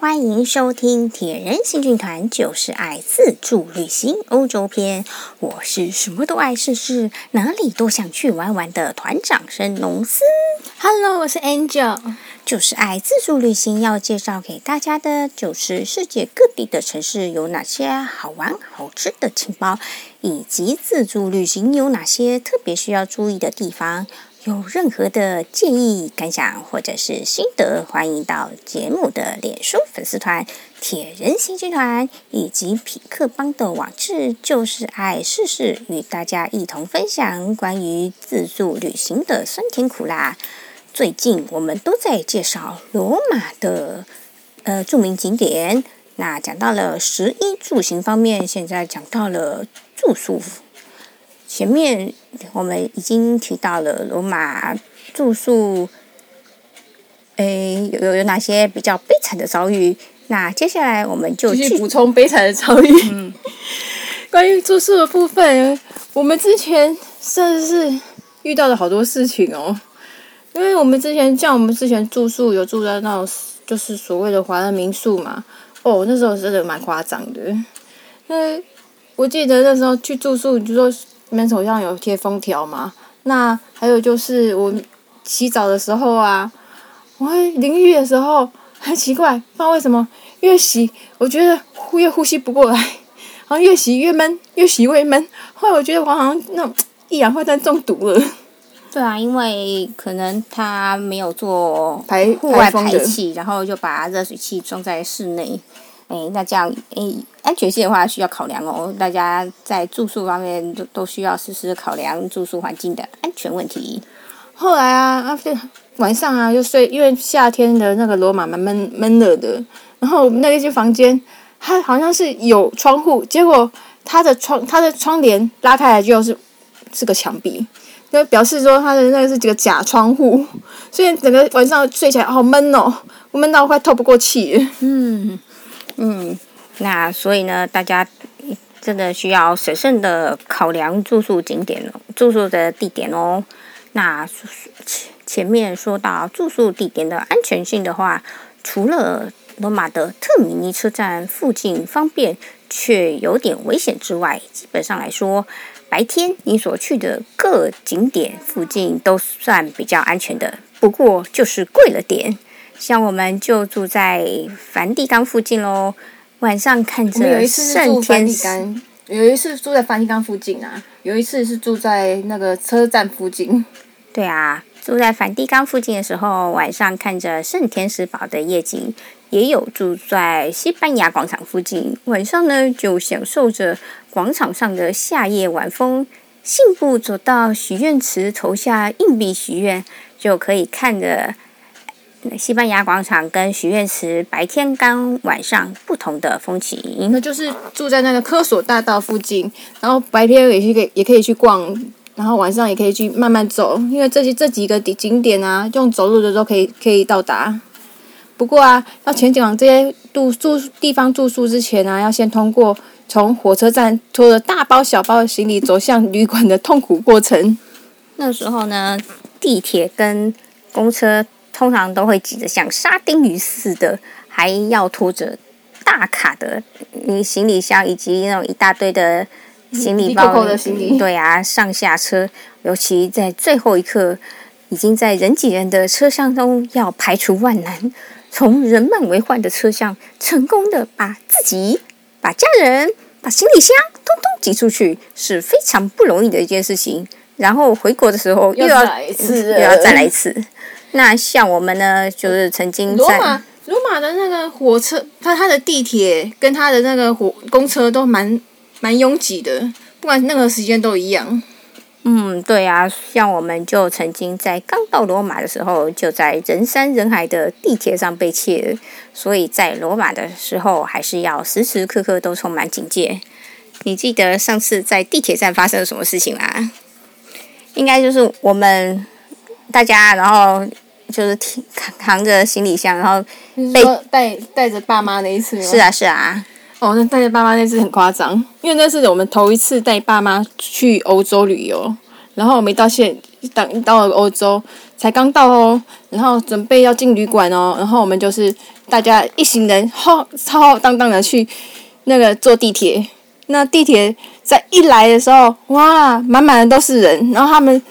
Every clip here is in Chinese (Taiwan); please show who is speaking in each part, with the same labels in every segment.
Speaker 1: 歡迎收聽《鐵人行軍團就是愛自助旅行歐洲篇》，我是什麼都愛試試，哪裡都想去玩玩的團長是農司。Hello，我是 Angel，就是愛自助旅行。要介紹給大家的，就是世界各地的城市有哪些好玩好吃的情報，以及自助旅行有哪些特別需要注意的地方。有任何的建議、感想，或者是心得，歡迎到節目的臉書粉絲團“鐵人行軍團”以及匹克邦的網志“就是愛試試”，與大家一同分享關於自助旅行的酸甜苦辣。最近我們都在介紹羅馬的呃著名景點，那講到了食衣住行方面，現在講到了住宿。前面我們已經提到了羅馬住宿，誒，有有有哪些比較悲慘的遭遇？那接下來我們就去繼續補充悲慘的遭遇。嗯， 關於住宿的部分，我們之前
Speaker 2: 甚至是遇到了好多事情哦。因為我們之前像我們之前住宿有住在那種就是所謂的華人民宿嘛，哦，那時候真的蠻誇張的。嗯，我記得那時候去住宿你就說。門鎖上有貼封條嘛？那還有就是我洗澡的時候啊，我會淋浴的時候很奇怪，不知道為什麼越洗，我覺得越呼吸
Speaker 1: 不過來，好像越洗越悶，越洗越悶。後來我覺得我好像那種一氧化碳中毒了。對啊，因為可能他沒有做排戶外排氣，風的然後就把熱水器裝在室內。誒、欸，那這樣，誒、欸，安全性的話需要考量哦。大家在住宿方面都都需要時時考量住宿環境的安全問題。
Speaker 2: 後來啊，啊，對，晚上啊，就睡，因為夏天的那個羅馬蠻悶悶熱的。然後我們那一間房間，它好像是有窗戶，結果它的窗它的窗簾拉開來就是是個牆壁，就表示說它的那個是幾個假窗戶。所以整個晚上睡起來好悶哦，悶到我快透不過氣。嗯。
Speaker 1: 嗯，那所以呢，大家真的需要審慎的考量住宿景點、住宿的地點哦。那前前面說到住宿地點的安全性的話，除了羅馬的特米尼車站附近方便，卻有點危險之外，基本上來說，白天你所去的各景點附近都算比較安全的，不過就是貴了點。像我們就住在梵蒂岡附近嘍，晚上看着聖天使。有一次住在梵蒂岡附近啊，有一次是住在那個車站附近。對啊，住在梵蒂岡附近的時候，晚上看着聖天使堡的夜景；也有住在西班牙廣場附近，晚上呢就享受着廣場上的夏夜晚風，信步走到許願池投下硬幣許願，就可以看着。西班牙廣場跟許願池白天跟晚上不同的風情，那就是
Speaker 2: 住在那個科索大道附近，然後白天也去可以，也可以去逛，然後晚上也可以去慢慢走，因為這些這幾個景點啊，用走路的都可以可以到達。不過啊，要前景往這些住住地方住宿之前啊，要先通過從火車站拖着大包小包的行李走向旅館的痛苦過程。
Speaker 1: 那時候呢，地鐵跟公車。通常都會擠得像沙丁魚似的，還要拖着大卡的行李箱以及那種一大堆的行李包。嗯嗯、對啊，嗯、上下車，尤其在最後一刻，已經在人擠人的車廂中，要排除萬難，從人滿為患的車廂成功的把自己、把家人、把行李箱通通擠出去，是非常不容易的一件事情。然後回國的時候又要又要來一次又要再來一次。那像我們呢，就是曾經在
Speaker 2: 羅馬，羅馬的那個火車，它它的地鐵跟它的那個火
Speaker 1: 公車都蠻蠻擁擠的，不管那個時間都一樣。嗯，對啊，像我們就曾經在剛到羅馬的時候，就在人山人海的地鐵上被竊，所以在羅馬的時候還是要時時刻刻都充滿警戒。你記得上次在地鐵站發生了什麼事情嗎？應該就是我們。大家、啊、然後就是提扛扛着行李箱，然後背帶帶着爸媽那一次是啊 是啊，是啊哦，那帶着爸
Speaker 2: 媽那次很誇張，因為那是我們頭一次帶爸媽去歐洲旅遊，然後我們一到現，到一到了歐洲才剛到哦，然後準備要進旅館哦，然後我們就是大家一行人浩浩蕩蕩的去那個坐地鐵，那地鐵在一來的時候哇，滿滿的都是人，然後他們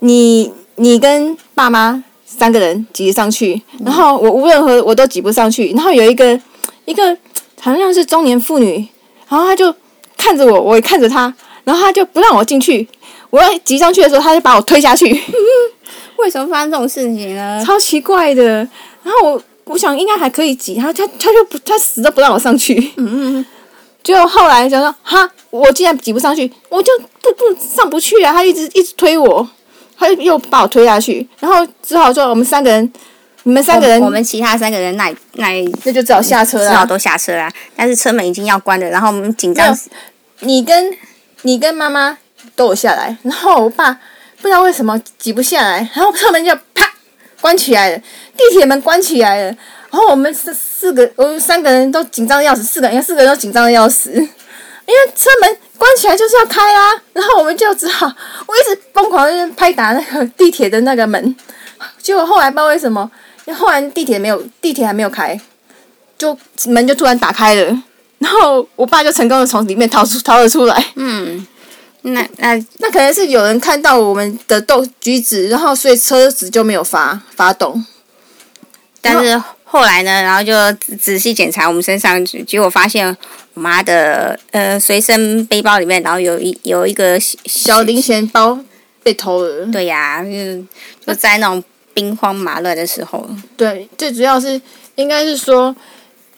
Speaker 2: 你。你跟爸媽三個人擠上去，嗯、然後我無論如何我都擠不上去，然後有一個一個好像是中年婦女，然後他就看着我，我也看着他，然後他就不讓我進去。我要擠上去的時候，他就把我推下去。
Speaker 1: 為什麼發生這種事情呢？
Speaker 2: 超奇怪的。然後我我想應該還可以擠，他他他就不他死都不讓我上去。嗯嗯。結果後來想說，哈，我竟然擠不上去，我就不不，不上不去啊！他一直一直推我。他又把我推下去，然後只好說我們三個人，你們三個人，嗯、我們
Speaker 1: 其他三個人那那，那就只好下車了，只好都下車了。但是車門已經要關了，然後我們緊張。你跟你跟媽媽都有下來，然後我爸
Speaker 2: 不知道為什麼擠不下來，然後車門就啪關起來了，地鐵門關起來了。然後我們四四個，我們三個人都緊張的要死，四個人，四個人都緊張的要死。因為車門關起來就是要開啊，然後我們就只好，我一直瘋狂拍打那個地鐵的那個門，結果後來不知道為什麼，後來地鐵沒有，地鐵還沒有開，就門就突然打開了，然後我爸就成功的從裡面逃出逃了出來。嗯，那那那可能是有人看到我們的鬥，舉止，然後所以車子就沒有發發動，
Speaker 1: 但是後。後來呢，然後就仔細檢查我們身上，結果發現我媽的呃隨身背包裡面，然後有一有一個小零錢包被偷了。對呀、啊，就就在那種兵荒馬亂的時候、啊。對，最主要是應該是說，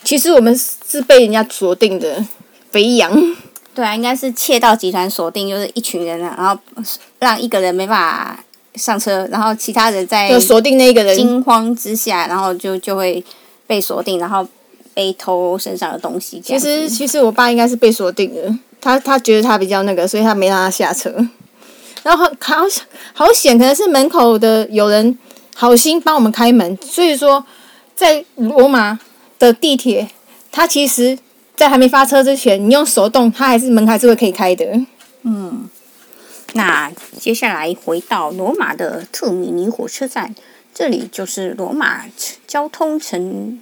Speaker 1: 其實我們是被人家鎖定的肥羊。對啊，應該是竊盜集團鎖定，就是一群人啊，然後讓一個人沒辦法。上車，然後其他人在就鎖定那個人，驚慌之下，然後就就會被鎖定，然後被偷身上的東西。其實，其實我爸應
Speaker 2: 該是被鎖定了，他他覺得他比較那個，所以他沒讓他下車。然後好好，好險，可能是門口的有人好心幫我們開門。所以說，在羅馬的地鐵，他其實，在還沒發車之前，你用手動，他還是門還是會可以開的。嗯。
Speaker 1: 那接下來回到羅馬的特米尼火車站，這裡就是羅馬交通城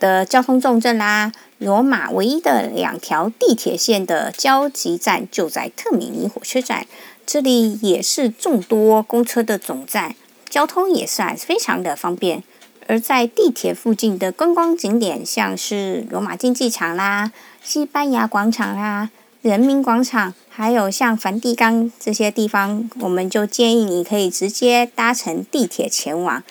Speaker 1: 的交通重鎮啦。羅馬唯一的兩條地鐵線的交集站就在特米尼火車站，這裡也是眾多公車的總站，交通也算非常的方便。而在地鐵附近的觀光景點，像是羅馬競技場啦、西班牙廣場啦。人民廣場，還有像梵蒂岡這些地方，我們就建議你可以直接搭乘地鐵前往。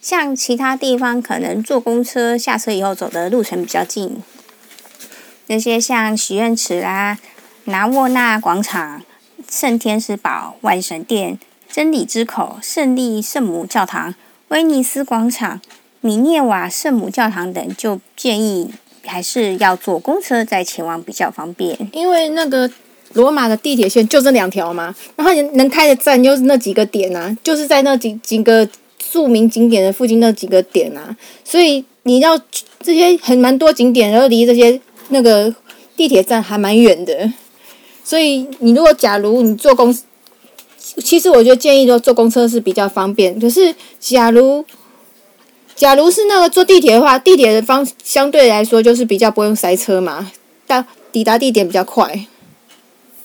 Speaker 1: 像其他地方，可能坐公車下車以後走的路程比較近。那些像許願池啦、拿沃納廣場、聖天使堡、萬神殿、真理之口、勝利聖母教堂、威尼斯廣場、米涅瓦聖母教堂等，就建議。還是要坐公車再前往比較方便，
Speaker 2: 因為那個羅馬的地鐵線就這兩條嘛，然後你能開的站就是那幾個點啊，就是在那幾幾個著名景點的附近那幾個點啊，所以你要這些很蠻多景點，然後離這些那個地鐵站還蠻遠的，所以你如果假如你坐公司，其實我覺得建議說坐公車是比較方便，可是假如。假如是那個坐地鐵的話，地鐵的方相對來說就是比較不用塞車嘛，到抵達地點比較快。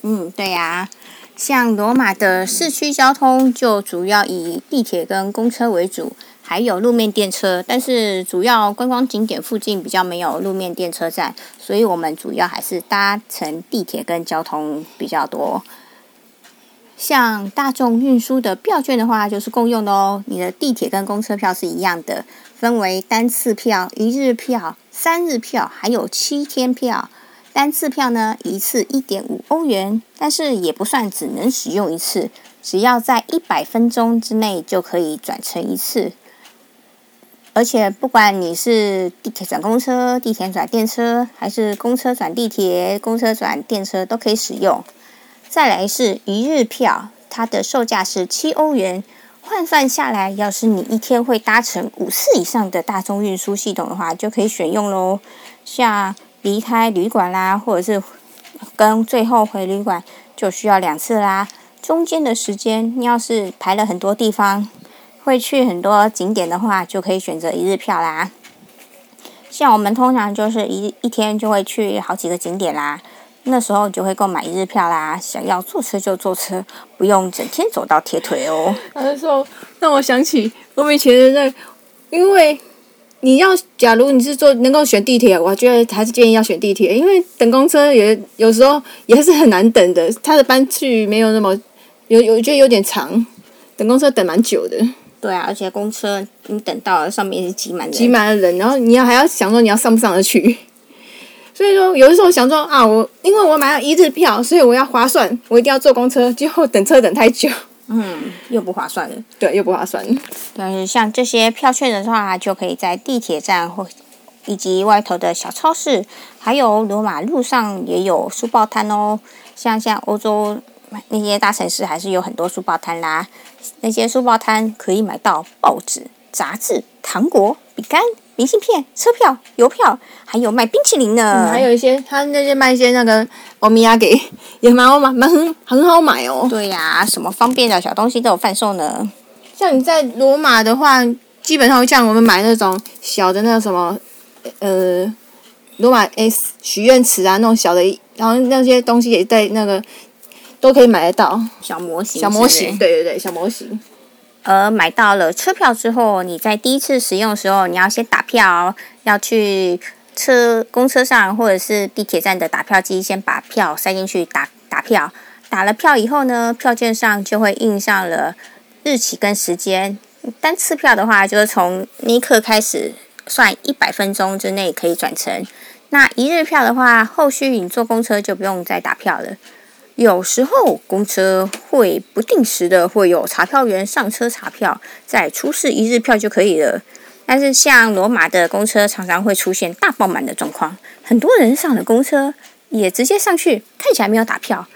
Speaker 2: 嗯，
Speaker 1: 對呀、啊。像羅馬的市區交通就主要以地鐵跟公車為主，還有路面電車，但是主要觀光景點附近比較沒有路面電車站，所以我們主要還是搭乘地鐵跟交通比較多。像大眾運輸的票券的話，就是共用的哦。你的地鐵跟公車票是一樣的，分為單次票、一日票、三日票，還有七天票。單次票呢，一次一點五歐元，但是也不算只能使用一次，只要在一百分鐘之內就可以轉乘一次。而且不管你是地鐵轉公車、地鐵轉電車，還是公車轉地鐵、公車轉電車，都可以使用。再來是一日票，它的售價是七歐元，換算下來，要是你一天會搭乘五次以上的大眾運輸系統的話，就可以選用咯。像離開旅館啦，或者是跟最後回旅館，就需要兩次啦。中間的時間，你要是排了很多地方，會去很多景點的話，就可以選擇一日票啦。像我們通常就是一一天就會去好幾個景點啦。那時候就會購買一日票啦，想要坐車就坐車，不用整天走到鐵腿哦。他說：“讓我想起我們以前在，因為
Speaker 2: 你要假如你是坐能夠選地鐵，我覺得還是建議要選地鐵，因為等公車也有時候也是很難等的，它的班次沒有那麼有有覺得有點長，等公車等蠻久的。”
Speaker 1: 對啊，而且公車你等到了上面也是擠滿了擠
Speaker 2: 滿了人，然後你要還要想說你要上不上得去。所以說，有的時候我想說啊，我因為我買了一日票，所以我要划算，我一定要坐公車，結果等車等太久，
Speaker 1: 嗯，又不划算了，對，又不划算。但是像這些票券的話，就可以在地鐵站或以及外頭的小超市，還有羅馬路上也有書報攤哦。像像歐洲那些大城市，還是有很多書報攤啦。那些書報攤可以買到報紙、雜誌、糖果、餅乾。明信片、車票、郵票，還有賣冰淇淋的、嗯，還有一些他們那些賣一些那
Speaker 2: 個歐咪呀給，也蠻好蠻蠻很好買哦。對呀、啊，什麼方便的小東西都有販售呢。像你在羅馬的話，基本上像我們買那種小的那什麼，呃，羅馬、S、許願池啊，那種小的，然後
Speaker 1: 那些東西也
Speaker 2: 在那個都可以買得到。小模，小模型，小模型，對對對，
Speaker 1: 小模型。而買到了車票之後，你在第一次使用的時候，你要先打票，要去車公車上或者是地鐵站的打票機，先把票塞進去打打票。打了票以後呢，票券上就會印上了日期跟時間。單次票的話，就是從那一刻開始算一百分鐘之內可以轉乘。那一日票的話，後續你坐公車就不用再打票了。有時候公車會不定時的會有查票員上車查票，再出示一日票就可以了。但是像羅馬的公車常常會出現大爆滿的狀況，很多人上了公車也直接上去，看起來沒有打票，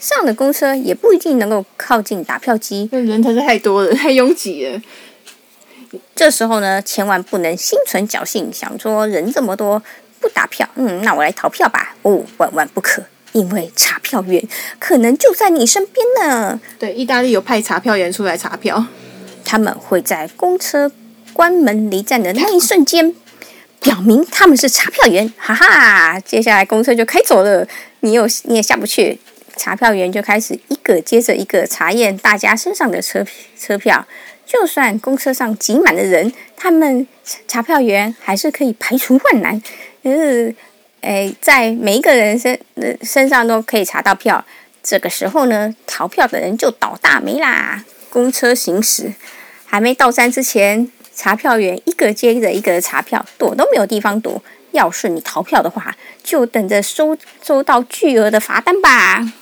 Speaker 1: 上了公車也不一定能夠靠近打票機，人太多太多了，太擁擠了。這時候呢，千萬不能心存僥倖，想說人這麼多，不打票，嗯，那我來逃票吧。哦，萬萬不可。因為查票員可能就在你身邊呢。對，意大利有派查票員出來查票，他們會在公車關門離站的那一瞬間，表明他們是查票員，哈哈。接下來公車就開走了，你又你也下不去，查票員就開始一個接着一個查驗大家身上的車車票。就算公車上擠滿了人，他們查票員還是可以排除萬難，呃哎，在每一個人身、呃、身上都可以查到票。這個時候呢，逃票的人就倒大黴啦！公車行駛還沒到站之前，查票員一個接着一個的查票，躲都沒有地方躲。要是你逃票的話，就等着收收到巨額的罰單吧！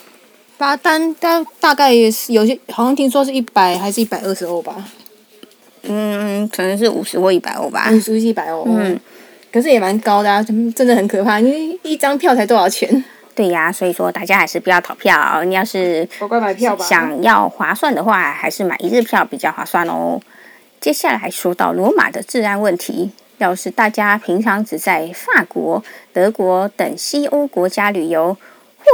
Speaker 1: 罰單大大概也是有些，好像聽說是一
Speaker 2: 百還是一百二十歐吧？嗯，可能是五十或一百歐吧。五十、一百
Speaker 1: 歐。嗯。可是也蠻高的啊，真的很可怕。因為一張票才多少錢？對呀、啊，所以說大家還是不要逃票。你要是想要划算的話，還是買一日票比較划算哦。嗯。接下來說到羅馬的治安問題，要是大家平常只在法國、德國等西歐國家旅遊，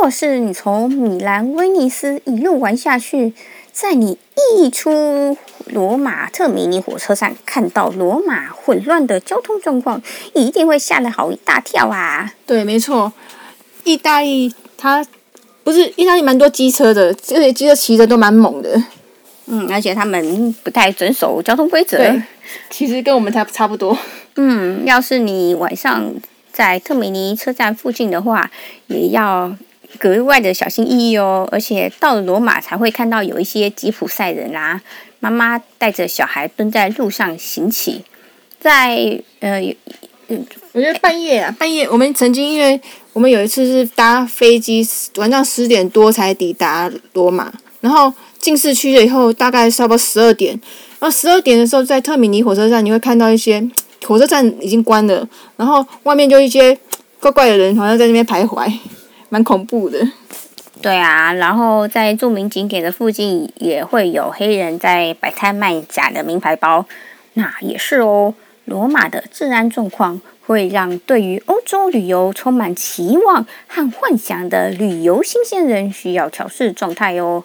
Speaker 1: 或是你從米蘭、威尼斯一路玩下去。在你一出羅馬特米尼火車站，看到羅馬混亂的交通狀況，你一定會嚇得好一大跳啊！對，沒錯，意大利
Speaker 2: 它不是意大利，蠻多機車的，這些機車騎着都蠻猛的。
Speaker 1: 嗯，而且他們不太遵守交通規則。對，其實跟我們差差不多。嗯，要是你晚上在特米尼車站附近的話，也要。格外的小心翼翼哦，而且到了羅馬才會看到有一些吉普賽人啦、啊。媽媽帶着小孩蹲在路上行乞，在呃，有嗯，我覺得半夜啊，半夜我們曾經因為我們有一次是搭飛
Speaker 2: 機，晚上十點多才抵達羅馬，然後進市區了以後，大概差不多十二點，然後十二點的時候在特米尼火車站，你會看到一些火車站已經關了，然後外面就一些怪怪的人好像在那邊徘徊。蠻恐
Speaker 1: 怖的，對啊，然後在著名景點的附近也會有黑人在擺攤賣假的名牌包，那也是哦。羅馬的治安狀況會讓對於歐洲旅遊充滿期望和幻想的旅遊新鮮人需要調適狀態哦。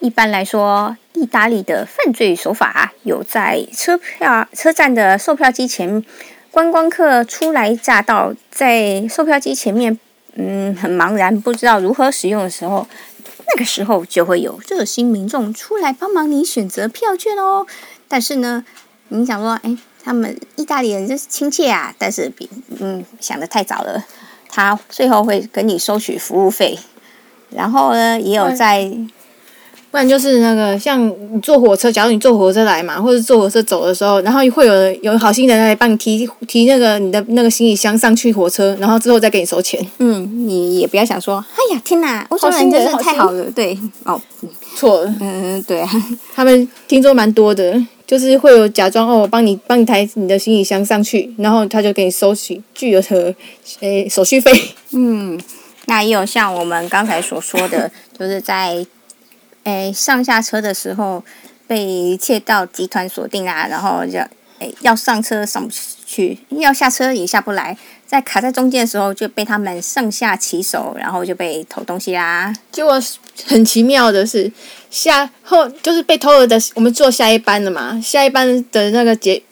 Speaker 1: 一般來說，意大利的犯罪手法有在車票車站的售票機前，觀光客初來乍到，在售票機前面。嗯，很茫然，不知道如何使用的時候，那個時候就會有熱心民眾出來幫忙你選擇票券哦。但是呢，你想說，哎，他們意大利人就是親切啊。但是，比嗯，想得太早了，他最後會跟你收取服務費。然後呢，也有在。嗯不然就是那個，像你
Speaker 2: 坐火車，假如你坐火車來嘛，或者坐火車走的時候，然後會有有好心人來幫你提提那個你的那個行李箱上去火車，然後之後再給你收錢。嗯，你也不要想說，
Speaker 1: 哎呀，天哪，好心人、哦、太好了，好好對，
Speaker 2: 哦，錯了，嗯，對、啊，他們聽說蠻多的，就是會有假裝哦，我幫你幫你抬你的行李箱上去，然後他就給你收取巨額的誒、呃、手續費。嗯，那也有像
Speaker 1: 我們剛才所說的， 就是在。哎，上下車的時候被竊盜集團鎖定啊，然後就哎要上車上不去，要下車也下不來，在卡在中間的時候就被他們上下其手，然後就被偷東西啦。結果很奇妙的是，下後就是被偷了
Speaker 2: 的，我們坐下一班了嘛，下一班的那個捷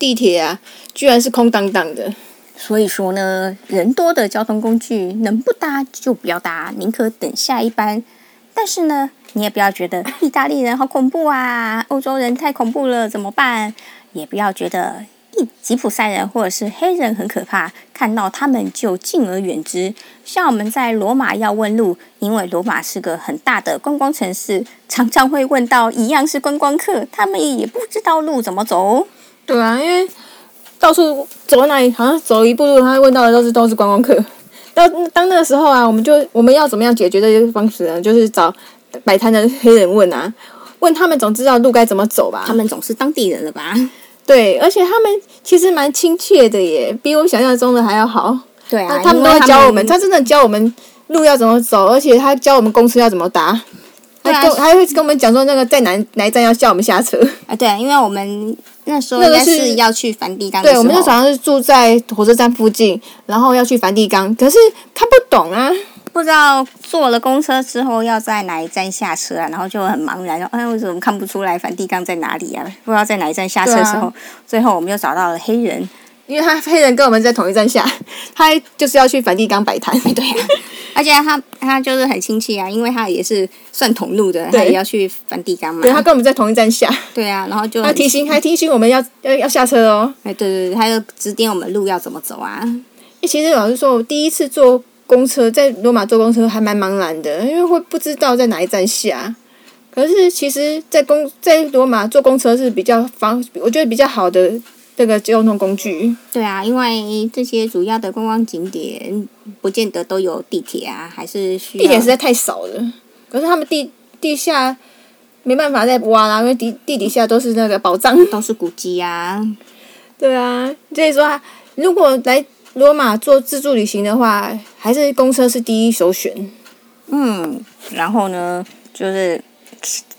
Speaker 2: 地鐵啊，居然是
Speaker 1: 空蕩蕩的。所以說呢，人多的交通工具能不搭就不要搭，寧可等下一班。但是呢，你也不要覺得意大利人好恐怖啊，歐洲人太恐怖了，怎麼辦？也不要覺得意吉普賽人或者是黑人很可怕，看到他們就敬而遠之。像我們在羅馬要問路，因為羅馬是個很大的觀光城市，常常會問到一樣是觀光客，他們也不知道路怎麼走。對啊，因為到處
Speaker 2: 走到哪裡，好像走一步路，他會問到的都是都是觀光客。到當，當那個時候啊，我們就我們要怎麼樣解決這些方式呢？就是找擺攤的黑人問啊，問他們總知道路該怎麼走吧。他們總是當地人了吧？對，而且他們其實蠻親切的耶，比我想象中的還要好。
Speaker 1: 對啊，啊，他們都會教我們，他，
Speaker 2: 們他真的教我們路要怎麼走，而且他教我們公車要怎麼搭。啊、
Speaker 1: 他跟
Speaker 2: 他會跟我們講說，那個在南南站要叫我們下車。啊，對啊，因為我
Speaker 1: 們。那時候應該是要去梵蒂岡。對，我們就早
Speaker 2: 上是住在火車站附近，然後要去梵蒂岡，可是他不懂
Speaker 1: 啊，不知道坐了公車之後要在哪一站下車啊，然後就很茫然，然後哎，為什麼看不出來梵蒂岡在哪裡啊？不知道在哪一站下車的時候。啊。最後，我們又找到了黑人，因為他黑人跟我們在同一站下，他就是要去梵蒂岡擺攤，對啊。 而且他他就是很親切啊，因為他也是算同路的。對他也要去梵蒂岡嘛。他跟我們在同一站下。 對啊，然後就他提醒，還提醒我們要要要下車哦。哎，對對對，他要指點我們路要怎麼走啊。
Speaker 2: 其實老實說，我第一次坐公車在羅馬坐公車還蠻茫然的，因為會不知道在哪一站下。可是其實，在公在羅馬坐公車是比較方，我覺得比較好的。這個交通工具，
Speaker 1: 對啊，因為這些主要的觀光景點不見得都有地鐵啊，還是需要地鐵實在太少了。可是他們地地下沒辦法再挖了，啊，
Speaker 2: 因為地地底下都是那個寶藏，嗯，都是古蹟啊。對啊，所以說，如果來羅馬做自助旅行的話，還是公車是第一首選。
Speaker 1: 嗯，然後呢，就是。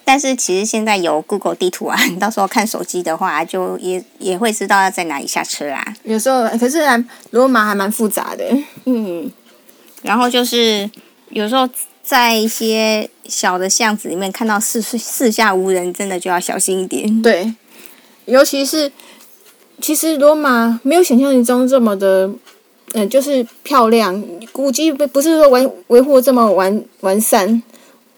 Speaker 1: 但是其實現在有 Google 地圖啊，你到時候看手機的話，啊，就也也會知道要在哪裡下車啦。有時候可是還羅馬還蠻複雜的，嗯。然後就是有時候在一些小的巷子裡面看到四四下無人，真的就要小心一點。對，尤其是其實羅馬沒有
Speaker 2: 想象中這麼的，嗯，就是漂亮，古蹟不不是說維維護這麼完完善。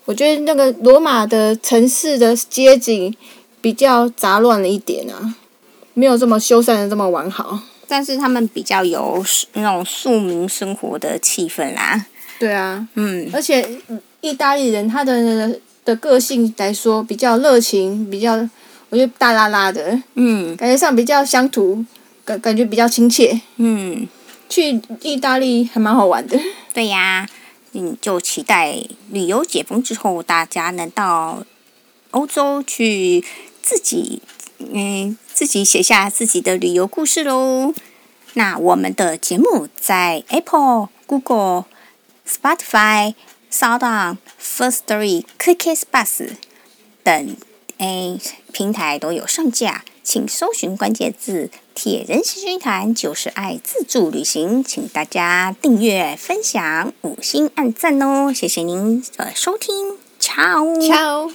Speaker 2: 我覺得那個羅馬的城市的街景比較雜亂了一點啊，沒有這麼修繕得這麼完好。但
Speaker 1: 是他們比較有那種庶民生活的氣氛啦、
Speaker 2: 啊。對啊，嗯。而且意大利人他的的個性來說比較熱情，比較我覺得大啦啦的，嗯，感覺上比較鄉土，感感覺比較親
Speaker 1: 切。嗯，去意大利還蠻好玩的。對呀、啊。嗯，就期待旅遊解封之後，大家能到歐洲去自己，嗯，自己寫下自己的旅遊故事嘍。那我們的節目在 Apple、Google、Spotify、s o w n First Story、Clicks Bus 等哎平台都有上架，請搜尋關鍵字。鐵人行軍團就是愛自助旅行，請大家訂閱、分享、五星按讚哦！謝謝您的收聽，ciao ciao。